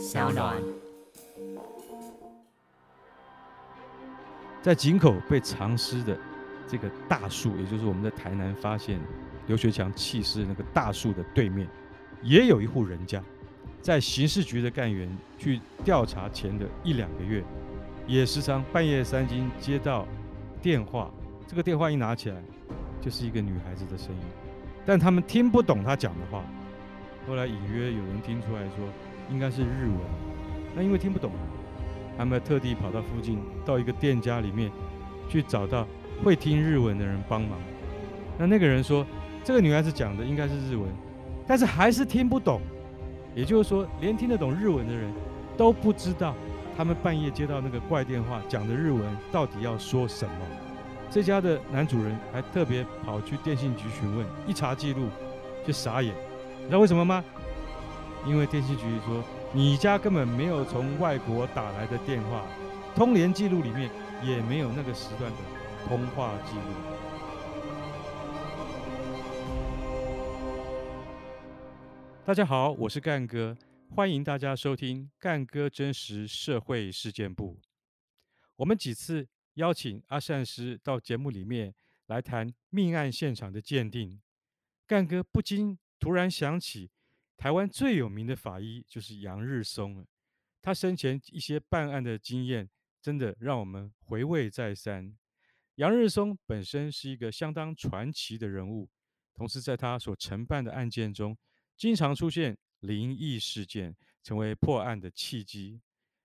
小在井口被藏屍的這個大樹，也就是我們在台南發現劉學強棄屍的那個大樹的對面，也有一戶人家。在刑事局的幹員去調查前的一兩個月，也時常半夜三更接到電話。這個電話一拿起來，就是一個女孩子的聲音，但他們聽不懂她講的話。後來隱約有人聽出來說，應該是日文，那因為聽不懂，他們特地跑到附近，到一個店家裡面去找到會聽日文的人幫忙。那那個人說，這個女孩子講的應該是日文，但是還是聽不懂。也就是說，連聽得懂日文的人都不知道，他們半夜接到那個怪電話講的日文到底要說什麼。這家的男主人還特別跑去電信局詢問，一查記錄就傻眼。你知道為什麼嗎？因為電信局說，你家根本沒有從外國打來的電話，通聯記錄裡面也沒有那個時段的通話記錄。大家好，我是幹哥，歡迎大家收聽幹哥真實社會事件簿。我們幾次邀請阿善師到節目裡面來談命案現場的鑑定，幹哥不禁突然想起。台灣最有名的法醫就是楊日松了，他生前一些辦案的經驗真的讓我們回味再三。楊日松本身是一個相當傳奇的人物，同時在他所承辦的案件中，經常出現靈異事件，成為破案的契機。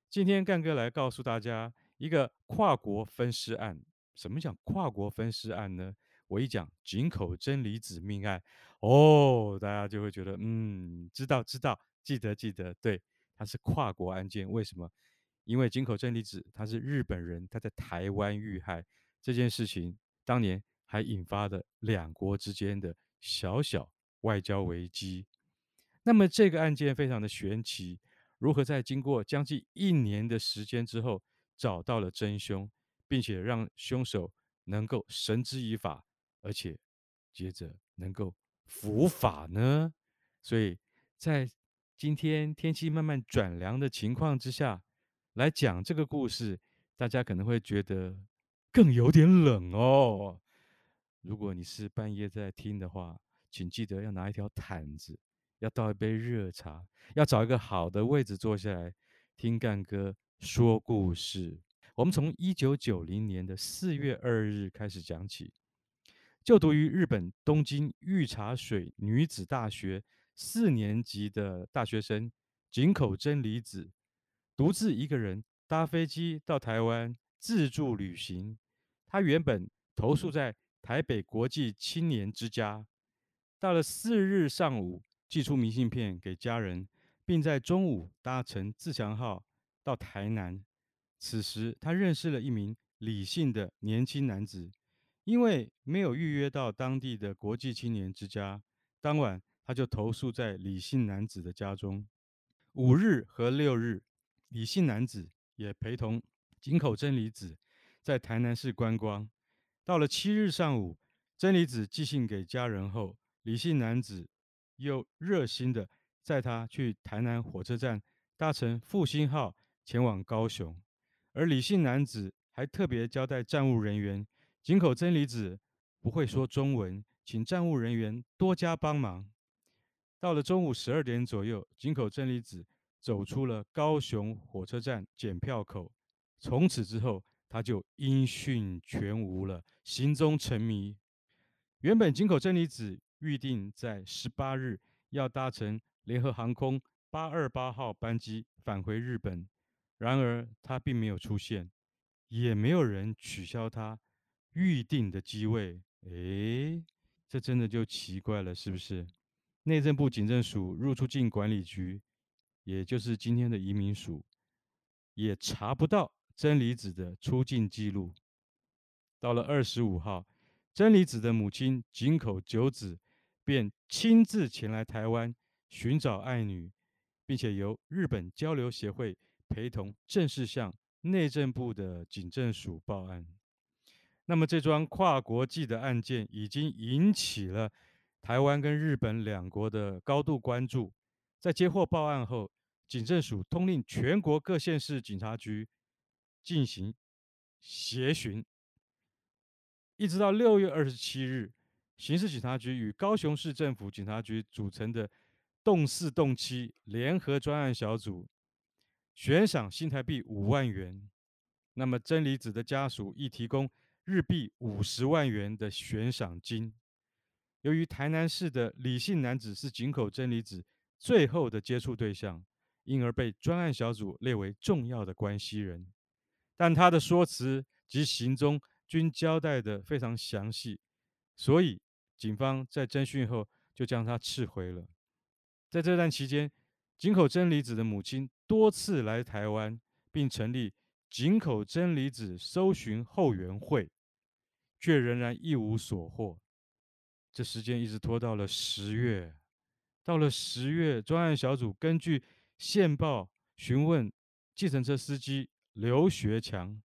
今天幹哥來告訴大家一個跨國分屍案，什麼叫跨國分屍案呢？我一講井口真理子命案。哦、oh，大家就會覺得，嗯，知道知道，記得記得，對，它是跨國案件，為什麼？因為井口真理子他是日本人，他在台灣遇害這件事情，當年還引發了兩國之間的小小外交危機。那麼這個案件非常的玄奇，如何在經過將近一年的時間之後找到了真兇，並且讓兇手能夠繩之以法，而且接着能夠。佛法呢，所以在今天天氣慢慢轉涼的情況之下，來講這個故事，大家可能會覺得更有點冷哦。如果你是半夜在聽的話，請記得要拿一條毯子，要倒一杯熱茶，要找一個好的位置坐下來聽幹哥說故事。我們從一九九零年的四月二日開始講起。就讀於日本東京御茶水女子大學四年級的大學生井口真理子，獨自一個人搭飛機到台灣自助旅行。她原本投宿在台北國際青年之家，到了四日上午寄出明信片給家人，並在中午搭乘自強號到台南。此時，她認識了一名李姓的年輕男子。因為沒有預約到當地的國際青年之家，當晚他就投宿在李姓男子的家中。五日和六日，李姓男子也陪同井口真理子在台南市觀光。到了七日上午，真理子寄信給家人後，李姓男子又熱心地載她去台南火車站，搭乘復興號前往高雄。而李姓男子還特別交代站務人員。井口真理子不會說中文，請站務人員多加幫忙。到了中午十二點左右，井口真理子走出了高雄火車站檢票口。從此之後，她就音訊全無了，行蹤成謎。原本井口真理子預定在十八日要搭乘聯合航空八二八號班機返回日本，然而她並沒有出現，也沒有人取消她預定的機位，哎，這真的就奇怪了，是不是？內政部警政署入出境管理局，也就是今天的移民署，也查不到真理子的出境記錄。到了二十五號，真理子的母親井口久子，便親自前來台灣尋找愛女，並且由日本交流協會陪同，正式向內政部的警政署報案。那麼這樁跨國際的案件已經引起了台灣跟日本兩國的高度關注。在接獲報案後，警政署通令全國各縣市警察局進行協尋，一直到六月二十七日，刑事警察局與高雄市政府警察局組成的動四動七聯合專案小組，懸賞新台幣五萬元。那麼真理子的家屬亦提供。日幣五十萬元的懸賞金。由於台南市的李姓男子是井口真理子最後的接觸對象，因而被專案小組列為重要的關係人。但他的說辭及行蹤均交代得非常詳細，所以警方在偵訊後就將他斥回了。在這段期間，井口真理子的母親多次來台灣，並成立井口真理子搜尋後援會，卻仍然一無所獲，這時間一直拖到了十月。到了十月，專案小組根據線報詢問計程車司機劉學強，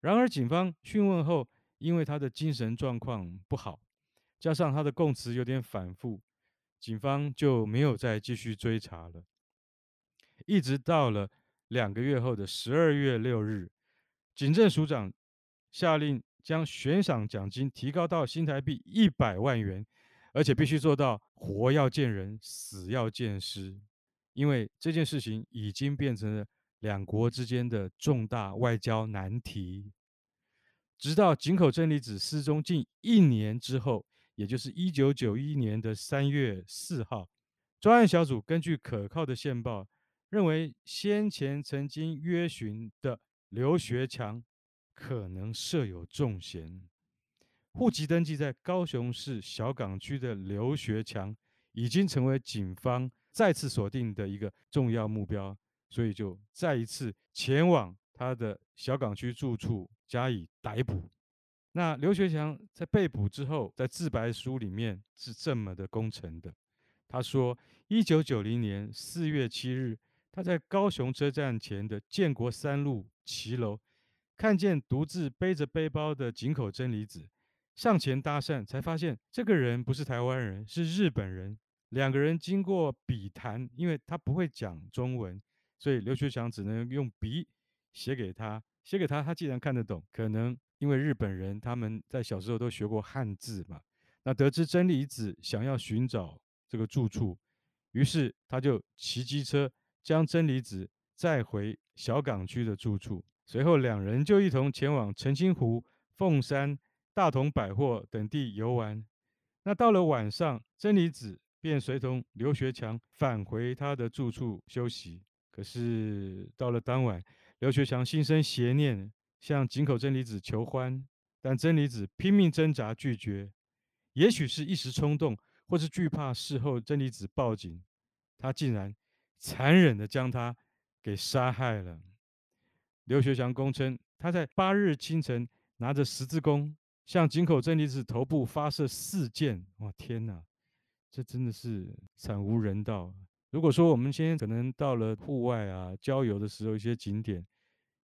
然而警方訊問後，因為他的精神狀況不好，加上他的供詞有點反覆，警方就沒有再繼續追查了。一直到了兩個月後的十二月六日，警政署長下令。將懸賞獎金提高到新台幣一百萬元，而且必須做到活要見人，死要見屍，因為這件事情已經變成了兩國之間的重大外交難題。直到井口真理子失蹤近一年之後，也就是一九九一年的三月四號，專案小組根據可靠的線報，認為先前曾經約尋的劉學強。可能涉有重嫌，戶籍登記在高雄市小港區的劉學強，已經成為警方再次鎖定的一個重要目標，所以就再一次前往他的小港區住處加以逮捕。那劉學強在被捕之後，在自白書裡面是這麼的供承的：他說，一九九零年四月七日，他在高雄車站前的建國三路騎樓。看見獨自背着背包的井口真理子，上前搭訕，才發現這個人不是台灣人，是日本人。兩個人經過筆談，因為他不會講中文，所以劉學強只能用筆寫給他，寫給他，他既然看得懂，可能因為日本人他們在小時候都學過漢字嘛。那得知真理子想要尋找這個住處，於是他就騎機車將真理子載回小港區的住處。隨後，兩人就一同前往澄清湖、鳳山、大同百貨等地遊玩。那到了晚上，真理子便隨同劉學強返回他的住處休息。可是到了當晚，劉學強心生邪念，向井口真理子求歡，但真理子拼命掙扎拒絕。也許是一時衝動，或是懼怕事後真理子報警，他竟然殘忍地將她給殺害了。劉學強供稱，他在八日清晨拿着十字弓，向井口真理子頭部發射四箭。哇，天哪，這真的是慘無人道！如果說我們今天可能到了戶外啊，郊遊的時候，一些景點，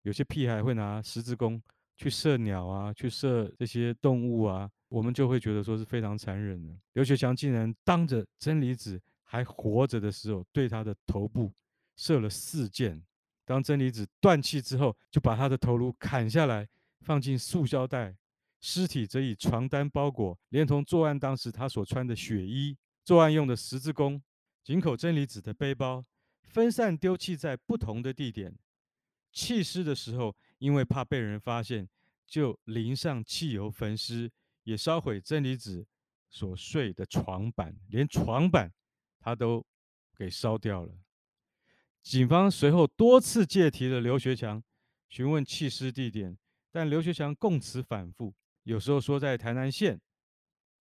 有些屁孩會拿十字弓去射鳥啊，去射這些動物啊，我們就會覺得說是非常殘忍的。劉學強竟然當着真理子還活着的時候，對她的頭部射了四箭。當真理子斷氣之後，就把他的頭顱砍下來，放進塑膠袋，屍體則以床單包裹，連同作案當時他所穿的血衣、作案用的十字弓、井口真理子的背包，分散丟棄在不同的地點。棄屍的時候，因為怕被人發現，就淋上汽油焚屍，也燒毀真理子所睡的床板，連床板他都給燒掉了。警方隨後多次借提了劉學強詢問棄屍地點，但劉學強供詞反覆，有時候說在台南縣，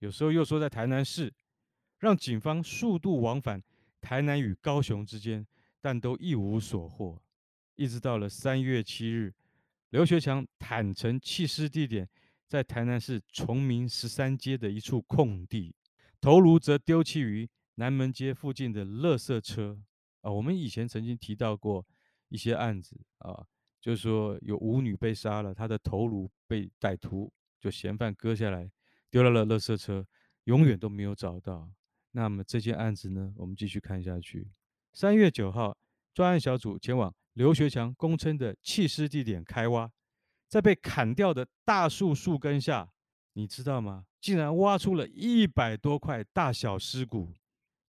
有時候又說在台南市，讓警方數度往返台南與高雄之間，但都一無所獲。一直到了三月七日，劉學強坦承棄屍地點在台南市崇明十三街的一處空地，頭顱則丟棄於南門街附近的垃圾車。啊，我們以前曾經提到過一些案子啊，就是說有舞女被殺了，她的頭顱被歹徒，就嫌犯割下來，丟到了了垃圾車，永遠都沒有找到。那麼這件案子呢，我們繼續看下去。三月九號，專案小組前往劉學強供稱的棄屍地點開挖，在被砍掉的大樹樹根下，你知道嗎？竟然挖出了一百多塊大小屍骨、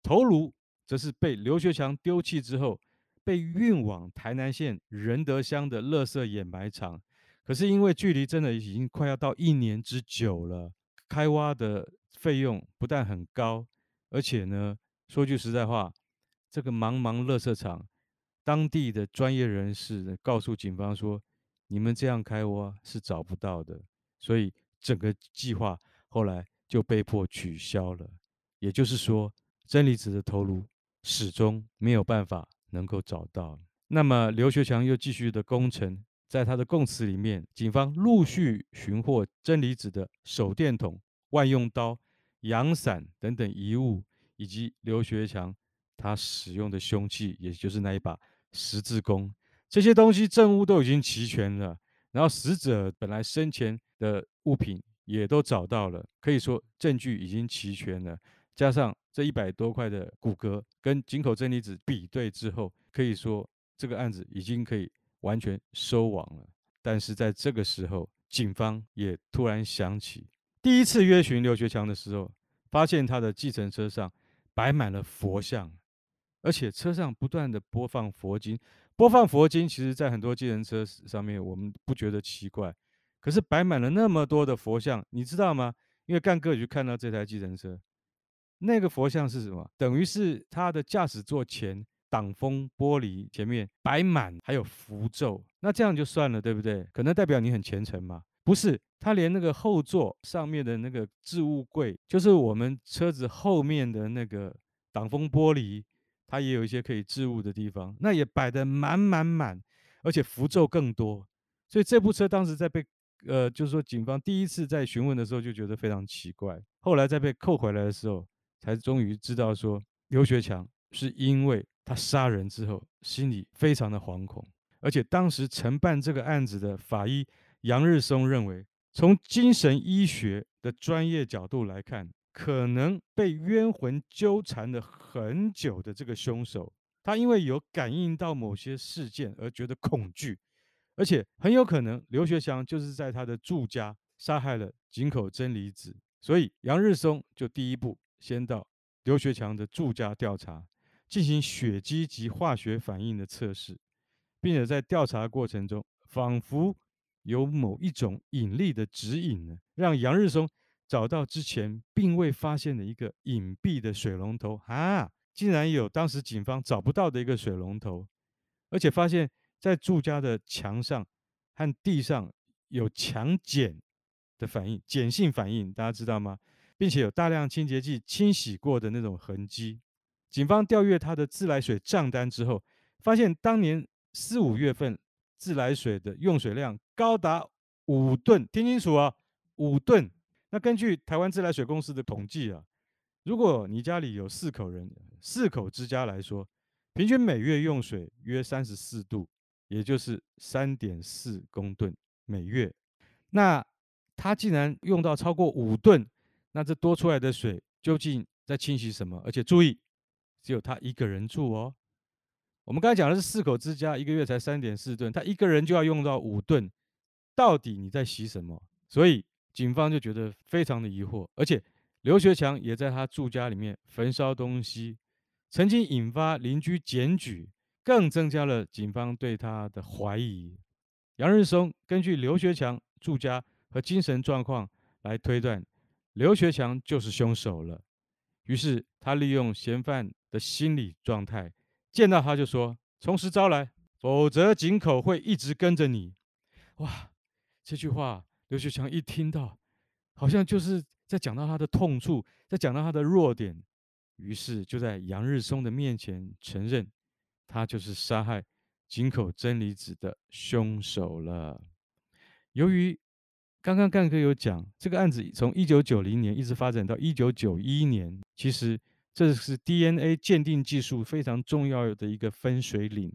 頭顱。則是被劉學強丟棄之後，被運往台南縣仁德鄉的垃圾掩埋場。可是因為距離真的已經快要到一年之久了，開挖的費用不但很高，而且呢，說句實在話，這個茫茫垃圾場，當地的專業人士告訴警方說，你們這樣開挖是找不到的。所以整個計劃後來就被迫取消了。也就是說，真理子的頭顱。始終沒有辦法能夠找到。那麼劉學強又繼續的供稱，在他的供詞裡面，警方陸續尋獲真理子的手電筒、萬用刀、陽傘等等遺物，以及劉學強他使用的兇器，也就是那一把十字弓。這些東西證物都已經齊全了，然後死者本來生前的物品也都找到了，可以說證據已經齊全了，加上。這一百多塊的骨骼跟井口真理子比對之後，可以說這個案子已經可以完全收網了。但是在這個時候，警方也突然想起，第一次約尋劉學強的時候，發現他的計程車上擺滿了佛像，而且車上不斷地播放佛經。播放佛經，其實在很多計程車上面我們不覺得奇怪，可是擺滿了那麼多的佛像，你知道嗎？因為幹哥就看到這台計程車。那個佛像是什麼？等於是他的駕駛座前擋風玻璃前面擺滿，還有符咒。那這樣就算了，對不對？可能代表你很虔誠嘛？不是，他連那個後座上面的那個置物櫃，就是我們車子後面的那個擋風玻璃，它也有一些可以置物的地方，那也擺得滿滿滿，而且符咒更多。所以這部車當時在被呃，就是說警方第一次在詢問的時候就覺得非常奇怪，後來在被扣回來的時候。才終於知道，說劉學強是因為他殺人之後心裡非常的惶恐，而且當時承辦這個案子的法醫楊日松認為，從精神醫學的專業角度來看，可能被冤魂糾纏纏了很久的這個兇手，他因為有感應到某些事件而覺得恐懼，而且很有可能劉學強就是在他的住家殺害了井口真理子，所以楊日松就第一步。先到劉學強的住家調查，進行血迹及化學反應的測試，並且在調查過程中，仿佛有某一種引力的指引呢，讓楊日松找到之前並未發現的一個隱蔽的水龍頭啊！竟然有當時警方找不到的一個水龍頭，而且發現，在住家的牆上和地上有強鹼的反應，鹼性反應，大家知道嗎？並且有大量清潔劑清洗過的那種痕跡。警方調閱他的自來水賬單之後，發現當年四五月份自來水的用水量高達五噸，聽清楚啊，五噸。那根據台灣自來水公司的統計啊，如果你家裡有四口人，四口之家來說，平均每月用水約三十四度，也就是三點四公噸每月。那他竟然用到超過五噸。那這多出來的水究竟在清洗什麼？而且注意，只有他一個人住哦。我們剛才講的是四口之家，一個月才三點四噸，他一個人就要用到五噸，到底你在洗什麼？所以警方就覺得非常的疑惑。而且劉學強也在他住家裡面焚燒東西，曾經引發鄰居檢舉，更增加了警方對他的懷疑。楊日松根據劉學強住家和精神狀況來推斷，劉學強就是兇手了，於是他利用嫌犯的心理狀態，見到他就說：“從實招來，否則井口會一直跟着你。”哇，這句話劉學強一聽到，好像就是在講到他的痛處，在講到他的弱點，於是就在楊日松的面前承認，他就是殺害井口真理子的兇手了。由於剛剛幹哥有講，這個案子從一九九零年一直發展到一九九一年，其實這是 DNA 鑑定技術非常重要的一個分水嶺。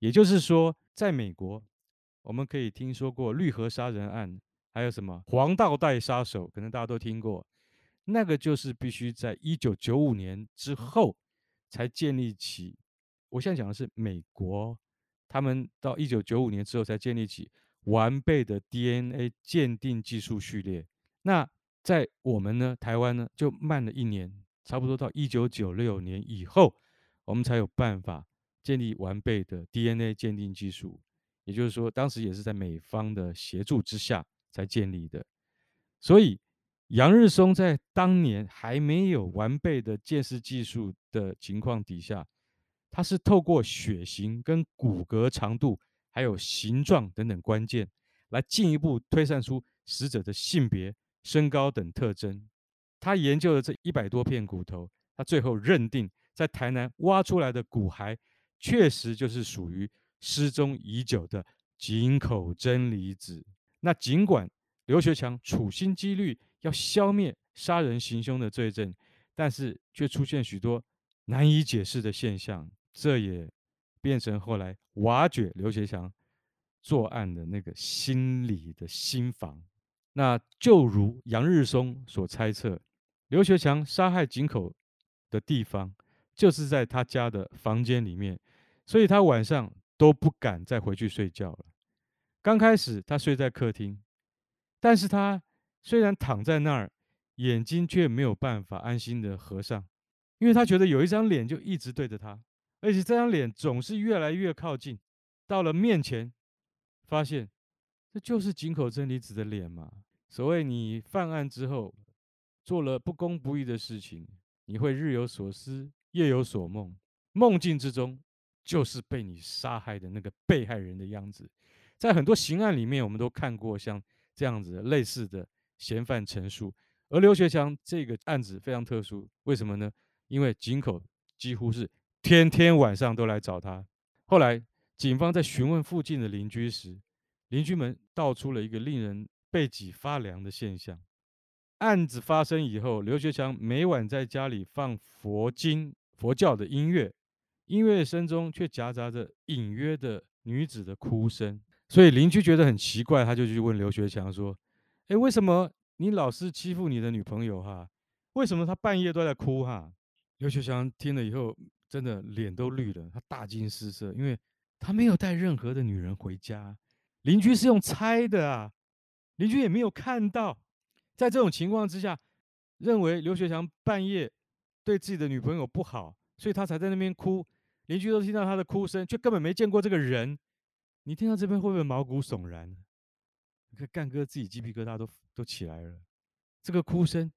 也就是說，在美國，我們可以聽說過綠河殺人案，還有什麼黃道帶殺手，可能大家都聽過。那個就是必須在一九九五年之後才建立起。我現在講的是美國，他們到一九九五年之後才建立起。完備的 DNA 鑑定技術序列，那在我們呢，台灣呢，就慢了一年，差不多到一九九六年以後，我們才有辦法建立完備的 DNA 鑑定技術。也就是說，當時也是在美方的協助之下才建立的。所以，楊日松在當年還沒有完備的鑑識技術的情況底下，他是透過血型跟骨骼長度。還有形狀等等關鍵，來進一步推算出死者的性別、身高等特徵。他研究了這一百多片骨頭，他最後認定，在台南挖出來的骨骸，確實就是屬於失蹤已久的井口真理子。那儘管劉學強處心積慮要消滅殺人行凶的罪證，但是卻出現許多難以解釋的現象，這也。變成後來挖掘劉學強作案的那個心理的心房，那就如楊日松所猜測，劉學強殺害井口的地方，就是在他家的房間裡面，所以他晚上都不敢再回去睡覺了。剛開始他睡在客廳，但是他雖然躺在那兒，眼睛卻沒有辦法安心的合上，因為他覺得有一張臉就一直對着他。而且這張臉總是越來越靠近，到了面前，發現這就是井口真理子的臉嘛。所謂你犯案之後，做了不公不義的事情，你會日有所思，夜有所夢，夢境之中就是被你殺害的那個被害人的樣子。在很多刑案裡面，我們都看過像這樣子類似的嫌犯陳述，而劉學強這個案子非常特殊，為什麼呢？因為井口幾乎是。天天晚上都來找他。後來，警方在詢問附近的鄰居時，鄰居們道出了一個令人背脊發涼的現象。案子發生以後，劉學強每晚在家裡放佛經、佛教的音樂，音樂聲中卻夾雜着隱約的女子的哭聲。所以鄰居覺得很奇怪，他就去問劉學強說：“哎，為什麼你老是欺負你的女朋友哈、啊？為什麼她半夜都在哭哈、啊？”劉學強聽了以後。真的臉都綠了，他大驚失色，因為他沒有帶任何的女人回家，鄰居是用猜的啊，鄰居也沒有看到，在這種情況之下，認為劉學強半夜對自己的女朋友不好，所以他才在那邊哭，鄰居都聽到他的哭聲，卻根本沒見過這個人，你聽到這邊會不會毛骨悚然？你看幹哥自己雞皮疙瘩都都起來了，這個哭聲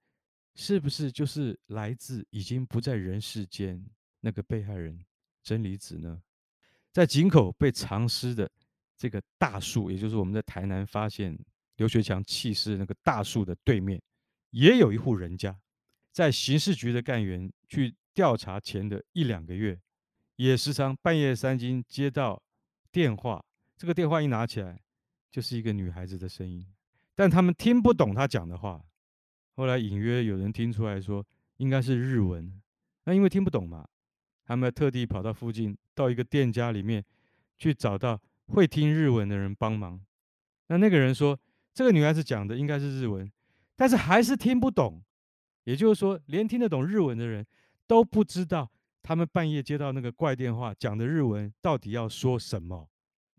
是不是就是來自已經不在人世間？那個被害人真理子呢，在井口被藏屍的這個大樹，也就是我們在台南發現劉學強棄屍的那個大樹的對面，也有一戶人家，在刑事局的幹員去調查前的一兩個月，也時常半夜三更接到電話。這個電話一拿起來，就是一個女孩子的聲音，但他們聽不懂她講的話。後來隱約有人聽出來說，應該是日文。那因為聽不懂嘛。他們特地跑到附近，到一個店家裡面去找到會聽日文的人幫忙。那那個人說，這個女孩子講的應該是日文，但是還是聽不懂。也就是說，連聽得懂日文的人都不知道，他們半夜接到那個怪電話講的日文到底要說什麼。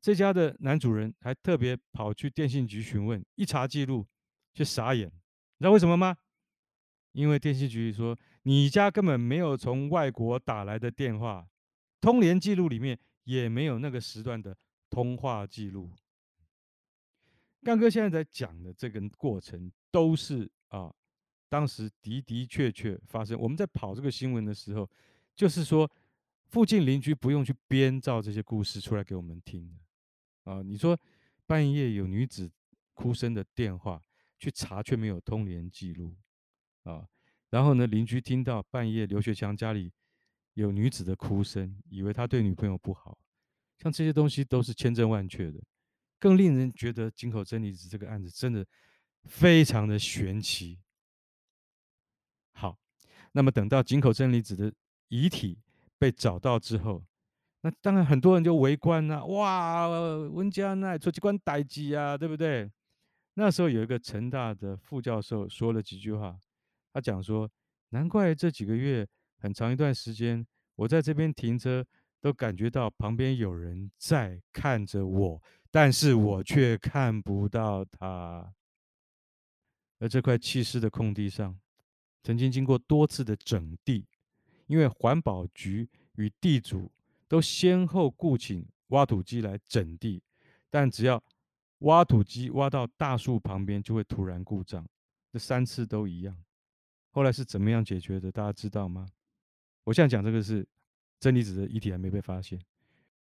這家的男主人還特別跑去電信局詢問，一查記錄就傻眼。你知道為什麼嗎？因為電信局說。你家根本沒有從外國打來的電話，通聯記錄裡面也沒有那個時段的通話記錄。幹哥現在在講的這個過程都是啊，當時的的確確發生。我們在跑這個新聞的時候，就是說，附近鄰居不用去編造這些故事出來給我們聽的啊。你說半夜有女子哭聲的電話，去查卻沒有通聯記錄啊。然後呢，鄰居聽到半夜劉學強家裡有女子的哭聲，以為他對女朋友不好，像這些東西都是千真萬確的，更令人覺得井口真理子這個案子真的非常的玄奇。好，那麼等到井口真理子的遺體被找到之後，那當然很多人就圍觀吶、啊，哇，溫家奈出機關呆機啊，對不對？那時候有一個成大的副教授說了幾句話。他講說，難怪這幾個月很長一段時間，我在這邊停車都感覺到旁邊有人在看着我，但是我卻看不到他。而這塊棄置的空地上，曾經經過多次的整地，因為環保局與地主都先後雇請挖土機來整地，但只要挖土機挖到大樹旁邊，就會突然故障，這三次都一樣。後來是怎麼樣解決的？大家知道嗎？我現在講這個是真理子的遺體還沒被發現，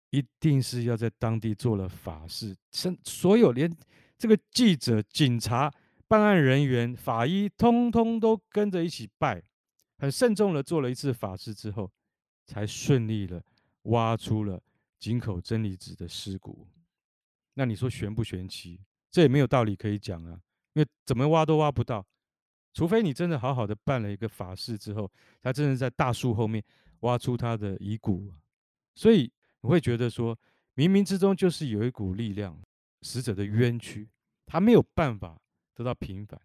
一定是要在當地做了法事，甚，所有連這個記者、警察、辦案人員、法醫，通通都跟着一起拜，很慎重的做了一次法事之後，才順利了挖出了井口真理子的屍骨。那你說玄不玄奇？這也沒有道理可以講啊，因為怎麼挖都挖不到。除非你真的好好的辦了一個法事之後，他真的在大樹後面挖出他的遺骨，所以你會覺得說，冥冥之中就是有一股力量，死者的冤屈，他沒有辦法得到平反，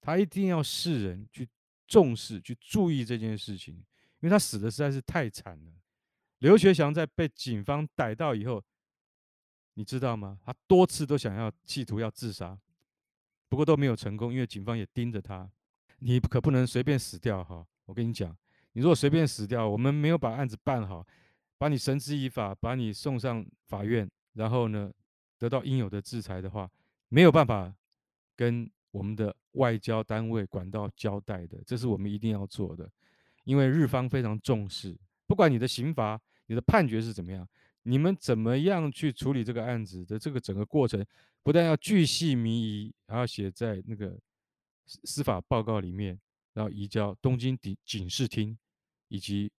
他一定要世人去重視、去注意這件事情，因為他死的實在是太慘了。劉學強在被警方逮到以後，你知道嗎？他多次都想要企圖要自殺，不過都沒有成功，因為警方也盯着他。你可不能隨便死掉哈、哦！我跟你講，你如果隨便死掉，我們沒有把案子辦好，把你繩之以法，把你送上法院，然後呢，得到應有的制裁的話，沒有辦法跟我們的外交單位管道交代的。這是我們一定要做的，因為日方非常重視，不管你的刑罰、你的判決是怎麼樣，你們怎麼樣去處理這個案子的這個整個過程，不但要鉅細靡遺，還要寫在那個。司法報告裡面，然後移交東京警警視廳以及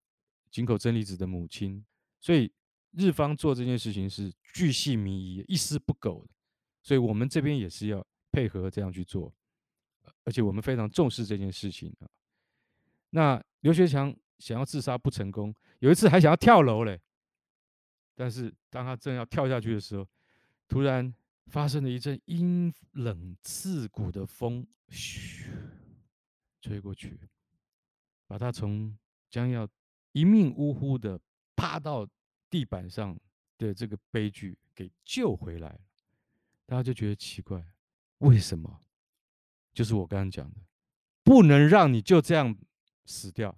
井口真理子的母親，所以日方做這件事情是鉅細靡遺、一絲不苟的，所以我們這邊也是要配合這樣去做，而且我們非常重視這件事情啊。那劉學強想要自殺不成功，有一次還想要跳樓嘞，但是當他正要跳下去的時候，突然。發生了一陣陰冷刺骨的風，噓，吹過去，把他從將要一命嗚呼的趴到地板上的這個悲劇給救回來。大家就覺得奇怪，為什麼？就是我剛剛講的，不能讓你就這樣死掉。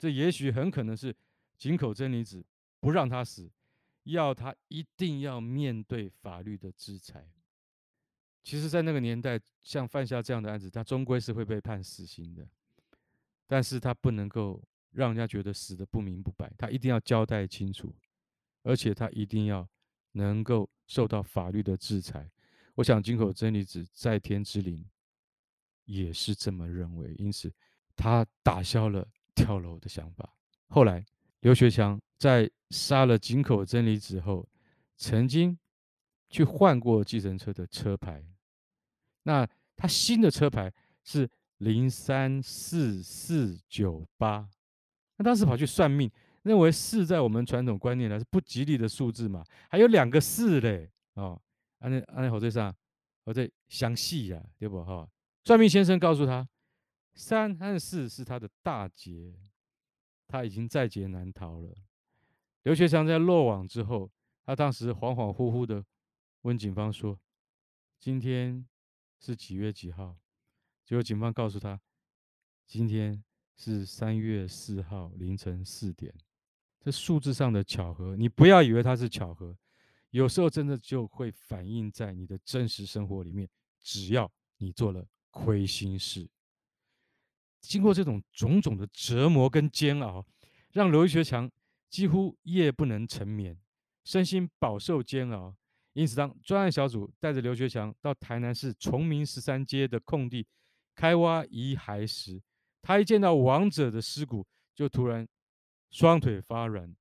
這也許很可能是井口真理子不讓他死。要他一定要面對法律的制裁。其實，在那個年代，像犯下這樣的案子，他終歸是會被判死刑的。但是他不能夠讓人家覺得死得不明不白，他一定要交代清楚，而且他一定要能夠受到法律的制裁。我想，井口真理子在天之靈也是這麼認為，因此，他打消了跳樓的想法。後來。劉學強在殺了井口真理子後，曾經去換過計程車的車牌。那他新的車牌是零三四四九八。那當時跑去算命，認為四在我們傳統觀念來是不吉利的數字嘛，還有兩個四嘞哦。安在安在火車上，我在詳細呀，對不哈？哦、算命先生告訴他，三和四是他的大劫。他已經在劫難逃了。劉學強在落網之後，他當時恍恍惚惚的問警方說：“今天是幾月幾號？”結果警方告訴他：“今天是三月四號凌晨四點。”這數字上的巧合，你不要以為它是巧合，有時候真的就會反映在你的真實生活裡面。只要你做了虧心事。經過這種種種的折磨跟煎熬，讓劉學強幾乎夜不能成眠，身心飽受煎熬。因此，當專案小組帶着劉學強到台南市崇明十三街的空地開挖遺骸時，他一見到亡者的屍骨，就突然雙腿發軟，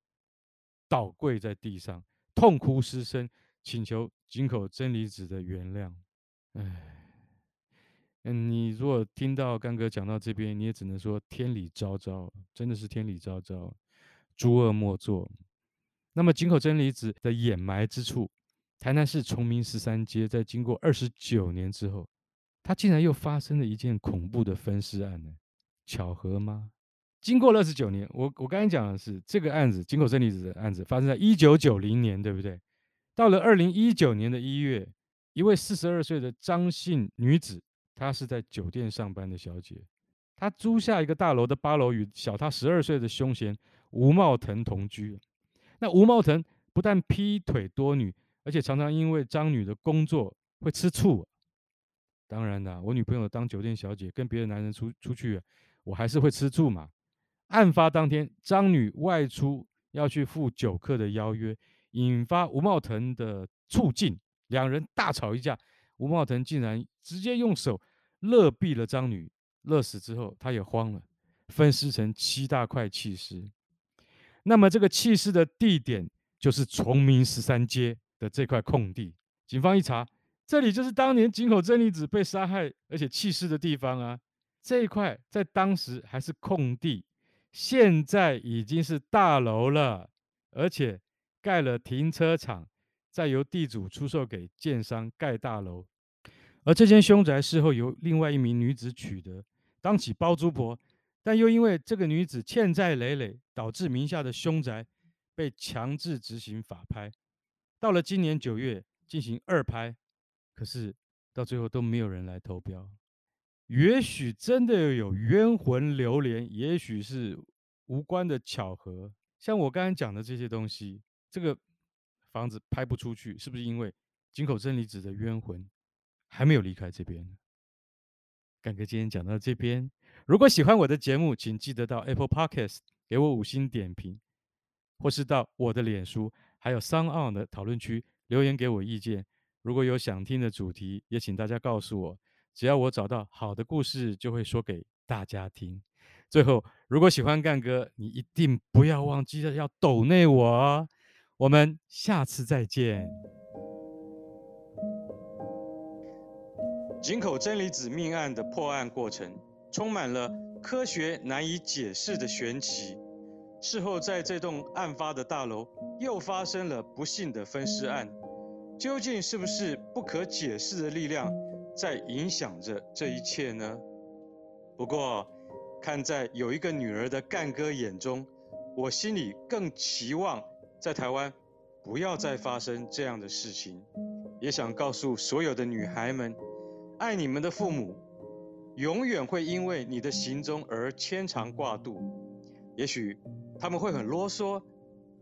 倒跪在地上，痛哭失聲，請求井口真理子的原諒。唉。嗯，你如果聽到幹哥講到這邊，你也只能說天理昭昭，真的是天理昭昭，諸惡莫作。那麼井口真理子的掩埋之處，台南市崇明十三街，在經過二十九年之後，它竟然又發生了一件恐怖的分屍案呢？巧合嗎？經過了二十九年，我我剛才講的是這個案子，井口真理子的案子發生在一九九零年，對不對？到了二零一九年的一月，一位四十二歲的張姓女子。她是在酒店上班的小姐，她租下一個大樓的八樓，與小她十二歲的兇嫌吳茂騰同居。那吳茂騰不但劈腿多女，而且常常因為張女的工作會吃醋。當然啦、啊，我女朋友當酒店小姐，跟別的男人出出去，啊，我還是會吃醋嘛。案發當天，張女外出要去赴酒客的邀約，引發吳茂騰的醋勁，兩人大吵一架。吳茂騰竟然直接用手。勒斃了張女，勒死之後，她也慌了，分屍成七大塊棄屍。那麼這個棄屍的地點，就是崇明十三街的這塊空地。警方一查，這裡就是當年井口真理子被殺害而且棄屍的地方啊！這一塊在當時還是空地，現在已經是大樓了，而且蓋了停車場，再由地主出售給建商蓋大樓。而這間凶宅事後由另外一名女子取得，當起包租婆，但又因為這個女子欠債累累，導致名下的凶宅被強制執行法拍。到了今年九月進行二拍，可是到最後都沒有人來投標。也許真的有冤魂流連，也許是無關的巧合。像我剛才講的這些東西，這個房子拍不出去，是不是因為井口真理子的冤魂？還沒有離開這邊，乾哥今天講到這邊。如果喜歡我的節目，請記得到 Apple Podcast 給我五星點評，或是到我的臉書還有 SoundOn 的討論區留言給我意見。如果有想聽的主題，也請大家告訴我。只要我找到好的故事，就會說給大家聽。最後，如果喜歡乾哥，你一定不要忘記了要抖內我。我們下次再見。井口真理子命案的破案過程，充滿了科學難以解釋的玄奇。事後，在這棟案發的大樓又發生了不幸的分屍案，究竟是不是不可解釋的力量在影響着這一切呢？不過，看在有一個女兒的幹哥眼中，我心裡更期望在台灣不要再發生這樣的事情，也想告訴所有的女孩們。愛你們的父母，永遠會因為你的行蹤而牽腸掛肚。也許他們會很囉嗦，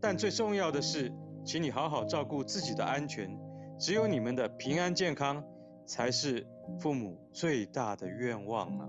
但最重要的是，請你好好照顧自己的安全。只有你們的平安健康，才是父母最大的願望啊！